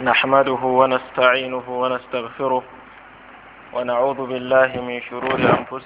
نحمده ونستعينه ونستغفره ونعوذ بالله من شرور أنفسنا